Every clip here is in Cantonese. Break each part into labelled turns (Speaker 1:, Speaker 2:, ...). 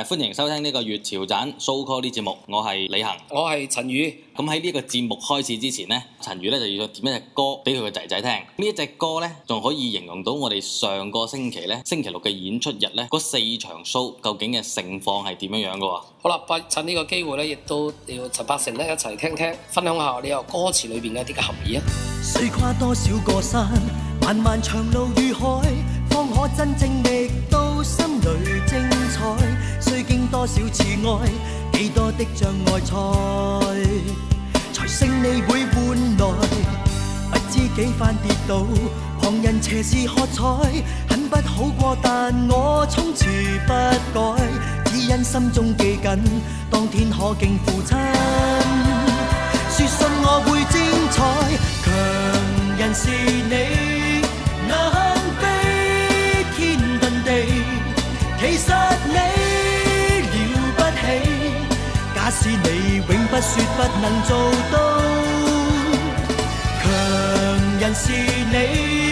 Speaker 1: 誒歡迎收聽呢個《月潮盞》show call 啲節目，我係李恒，我係陳宇。咁喺呢一個節目開始之前呢，陳宇咧就要點一隻歌俾佢個仔仔聽。呢一隻歌呢，仲可以形容到我哋上個星期咧星期六嘅演出日呢，嗰四場 show 究竟嘅盛況係點樣樣嘅
Speaker 2: 喎？好啦，趁呢個機會呢，亦都要陳百成呢一齊聽聽，分享下呢
Speaker 3: 個歌詞裏邊嘅啲嘅含義啊！需跨多少個山，漫漫長路與海，方可真正歷。心裏精彩，需經多少次愛，幾多的障礙賽，才勝利會換來。不知幾番跌倒，旁人斜視喝彩，很不好過，但我充持不改，只因心中記緊，當天可敬父親，說信我會精彩，強人是。不說不能做到，強人是你。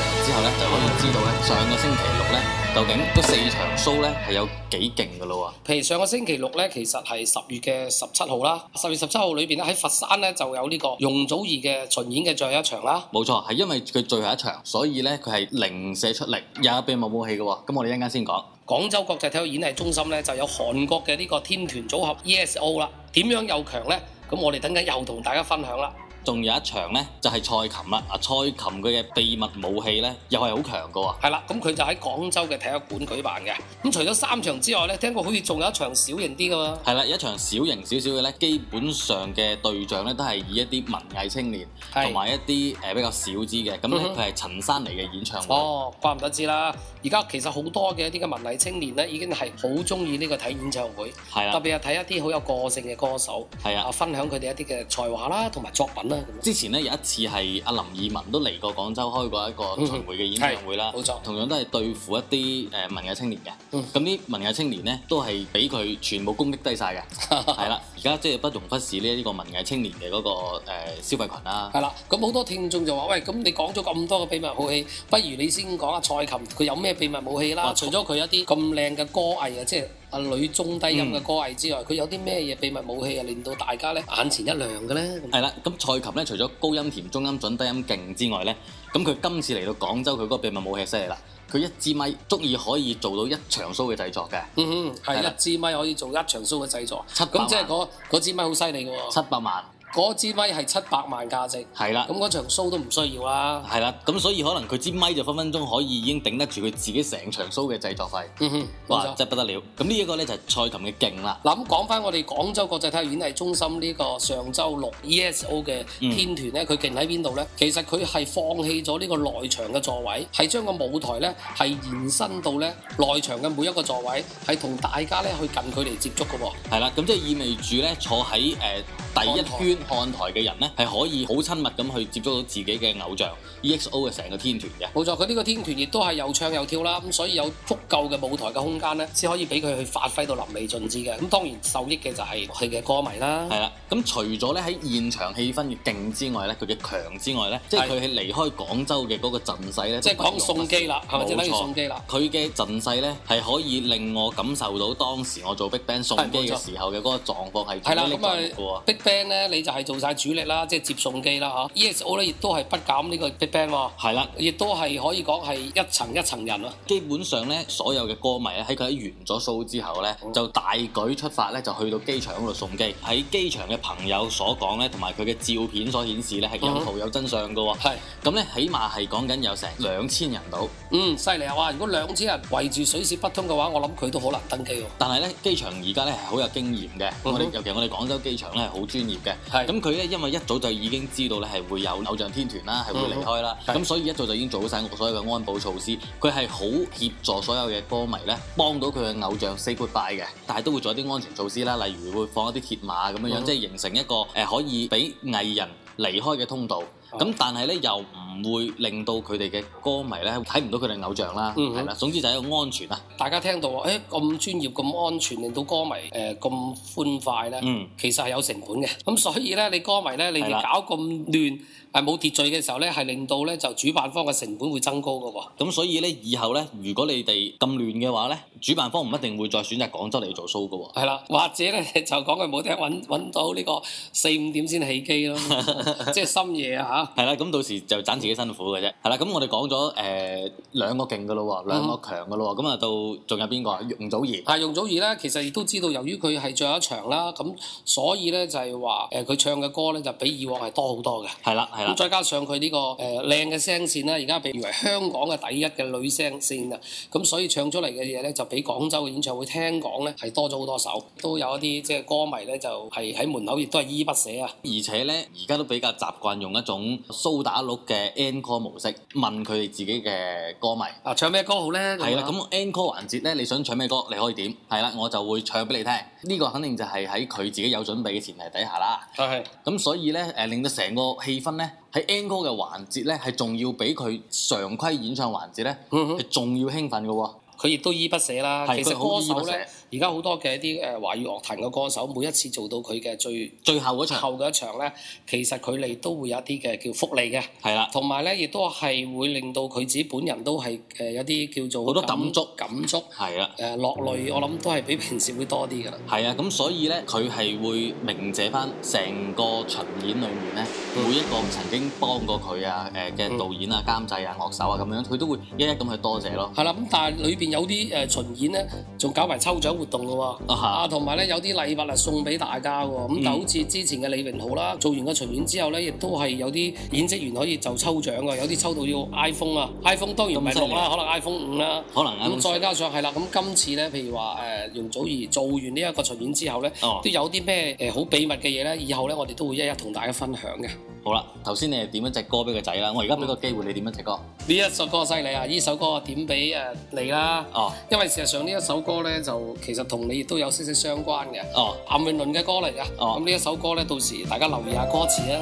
Speaker 1: 之後咧就可以知道咧，上個星期六咧，究竟嗰四場 show 咧係有幾勁噶咯喎？譬
Speaker 2: 如上個星期六咧，其實係十月嘅十七號啦。十月十七號裏邊咧，喺佛山咧就有呢個容祖兒嘅巡演嘅最後一場啦。
Speaker 1: 冇錯，係因為佢最後一場，所以咧佢係另舍出力，有一秘密武器嘅喎。咁我哋一陣間先講。廣州國際體育演藝中心咧，就有韓國嘅呢個天團組合 E.S.O 啦，點樣又強咧？咁我哋等緊又同大家分享啦。仲有一場咧，就係蔡琴啦。啊，蔡琴佢嘅秘密武器咧，又係好強嘅喎。係啦，咁佢就喺廣州嘅體育館舉辦嘅。咁除咗三場之外咧，聽過好似仲有一場小型啲嘅喎。係啦，一場小型少少嘅咧，基本上嘅對象咧都係以一啲文藝青年同埋一啲誒比較少知嘅。咁咧佢係陳珊妮嘅演唱會。嗯、哦，怪唔得知啦。而家其實好多嘅一啲嘅文藝青年咧，
Speaker 2: 已經係好中意呢個睇演唱會。係啦。特別係睇一啲好有個性嘅歌手。係啊。啊，分享佢哋一啲嘅才華啦，同埋作品。
Speaker 1: 之前咧有一次係阿林二汶都嚟過廣州開過一個巡迴嘅演唱會啦，冇、嗯、錯，同樣都係對付一啲誒文藝青年嘅。咁、嗯、啲文藝青年咧都係俾佢全部攻擊低晒嘅，係 啦。而家即係不容忽視呢個文藝青年嘅嗰、那個、呃、消費群啦。係啦，
Speaker 2: 咁好多聽眾就話：喂，
Speaker 1: 咁你講咗咁
Speaker 2: 多嘅秘密武器，不如你先講下、啊、蔡琴佢有咩秘密武器啦？除咗佢一啲咁靚嘅歌藝啊，即、就、係、是。阿女中低音嘅歌藝之外，佢、嗯、有啲咩嘢秘密武器啊？令到大家咧眼
Speaker 1: 前一亮嘅咧？係啦，咁蔡琴咧除咗高音甜、中音準、低音勁之外咧，咁佢今次嚟到廣州，佢嗰個秘密武器犀利啦！佢一支咪足以可以做到一場 show 嘅製作嘅。嗯哼、嗯，係一支咪可以做一場 show 嘅製作。七百萬。咁即係嗰支咪好犀利嘅喎。
Speaker 2: 七百萬。嗰支咪係七百萬價值，係啦，咁
Speaker 1: 嗰場 show 都唔需要啦，係啦，咁所以可能佢支咪就分分鐘可以已經頂得住佢自己成場 show 嘅製作費，嗯、哼哇，哇，真係不得了！咁呢一個咧就係蔡琴嘅勁啦。嗱，
Speaker 2: 咁講翻我哋廣州國際體育演藝中心呢個上週六 ESO 嘅天團咧，佢勁喺邊度咧？其實佢係放棄咗呢個內場嘅座位，係將個舞台咧係延伸到咧內場嘅每一個座位，係同大家咧去近距離接觸㗎喎。
Speaker 1: 係啦，咁即係意味住咧坐喺、呃、第一圈。看台嘅人咧，係可以好親密咁去接觸到自己嘅偶像 EXO 嘅成個天團嘅。冇錯，佢呢個天團亦都係又唱又跳啦，咁所以有足夠嘅舞台嘅空間咧，先可以俾佢去發揮到淋漓盡致嘅。咁當然受益嘅就係佢嘅歌迷啦。係啦，咁除咗咧喺現場氣氛越勁之外咧，佢嘅強之外咧，即係佢係離開廣州嘅嗰個陣勢咧，即係講送機啦，係咪？冇錯，即送機啦。佢嘅陣勢咧係可以令我感受到當時我做 BigBang 送機嘅時候嘅嗰個狀況係點樣嘅、嗰個、
Speaker 2: BigBang 咧你就。係做晒主力啦，即係接送機啦嚇。EXO 咧亦都係不減呢個 bigbang 喎。係
Speaker 1: 啦，亦都係可以講係一層一層人咯。基本上咧，所有嘅歌迷咧喺佢喺完咗 show 之後咧、嗯，就大舉出發咧，就去到機場嗰度送機。喺機場嘅朋友所講咧，同埋佢嘅照片所顯示咧，係有圖有真相噶喎。係、嗯。咁咧，起碼係講緊有成兩千人到。嗯，犀利啊！話如果兩千人圍住水泄不通嘅話，我諗佢都好難登機喎。但係咧，機場而家咧係好有經驗嘅，我、嗯、哋尤其是我哋廣州機場咧係好專業嘅。嗯咁佢咧，因為一早就已經知道咧，係會有偶像天團啦，係會離開啦，咁、嗯、所以一早就已經做好晒我所有嘅安保措施。佢係好協助所有嘅歌迷咧，幫到佢嘅偶像 say goodbye 嘅，但係都會做一啲安全措施啦，例如會放一啲鐵馬咁樣、嗯，即係形成一個誒可以俾藝人離開嘅通道。咁但係咧，又唔會令到佢哋嘅歌迷咧睇唔到佢哋偶像啦。係、嗯、啦，總之就係一個安全啦。大家聽到咁、欸、
Speaker 2: 專業、咁安全，令到歌迷咁歡、呃、快咧、嗯，其實係有成本嘅。咁所以咧，你歌迷咧，你哋搞咁亂，係冇秩序嘅時候咧，係令到咧就主辦方嘅成本會增高㗎喎、啊。
Speaker 1: 咁所以咧，以後咧，如果你哋咁亂嘅話咧，主辦方唔一定會再選擇廣州嚟做 show 嘅喎、啊。
Speaker 2: 係啦，或者咧就講句唔好聽搵搵到呢個四五點先起機咯、啊，即 係
Speaker 1: 深夜呀、啊。係、啊、啦，咁到時就盞自己辛苦嘅啫。係啦，咁我哋講咗誒兩個勁嘅咯喎，兩個強嘅咯喎。咁、嗯、啊，那到仲有邊個啊？容祖兒係容祖兒咧，其實亦都知道，由於佢係最後一場啦，咁所以咧就係話
Speaker 2: 誒，佢、呃、唱嘅歌咧就比以往係多好多嘅。
Speaker 1: 係啦，係啦。再
Speaker 2: 加上佢呢、呢個誒靚嘅聲線咧，而家被譽為香港嘅第一嘅女聲線啊，咁所以唱出嚟嘅嘢咧就比廣州嘅演唱會聽講咧係多咗好多首，都有一啲即係歌迷咧就係、是、喺門口亦都係依依不
Speaker 1: 捨啊。而且咧，而家都比較習慣用一種。蘇打綠嘅 Encore 模式，問佢哋自己嘅歌迷啊，唱咩歌好咧？係啦，咁 Encore 環節咧，你想唱咩歌？你可以點？係啦，我就會唱俾你聽。呢、這個肯定就係喺佢自己有準備嘅前提底下啦。係、啊。咁所以咧，誒，令到成個氣氛咧，喺 Encore 嘅環節咧，係仲要比佢常規演唱環節咧，係、嗯、仲要興奮嘅喎。佢亦都依不捨啦。係，其實歌手很依不捨咧。
Speaker 2: 而家好多嘅一啲
Speaker 1: 誒華語樂壇嘅歌手，每一次做到佢嘅最最後嗰場後
Speaker 2: 嘅一場咧，其實佢哋都會有一啲嘅叫福利嘅，係啦，同埋咧亦都係會令到佢自己本人都係誒有啲叫做好多感觸，
Speaker 1: 感觸，係啦，
Speaker 2: 誒、呃、落淚我諗都係比平時會多啲㗎啦，
Speaker 1: 係啊，咁所以咧，佢係會鳴謝翻成個巡演裏面咧，每一個曾經幫過佢啊、誒嘅導演啊、監製啊、樂手啊咁樣，佢都會一一咁去多謝咯。係啦，咁但係裏邊有啲誒巡演咧，
Speaker 2: 仲搞埋抽獎。活動嘅，啊同埋咧有啲禮物嚟送俾大家喎，咁就好似之前嘅李榮浩啦，做完個巡演之後咧，亦都係有啲演職員可以就抽獎嘅，有啲抽到要 iPhone 啊，iPhone 當然唔係六啦，可能 iPhone 五啦，可能咁再加上係啦，咁今次咧，譬如話誒容祖兒做完呢一個巡演之後咧，都有啲咩誒好秘密嘅嘢咧，以後咧我哋都會一一同大家分享嘅。
Speaker 1: 好啦，頭先你係點一隻歌畀個仔啦，我而家俾個機會你點一隻歌。
Speaker 2: 呢、嗯、一首歌犀利啊！呢首歌點畀誒你啦。哦，因為事實上呢一首歌咧，就其實同你亦都有息息相關嘅。哦，譚詠麟嘅歌嚟噶。哦，咁呢一首歌咧，到時大
Speaker 4: 家留意一下歌詞啊。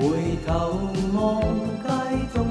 Speaker 4: 回頭望街中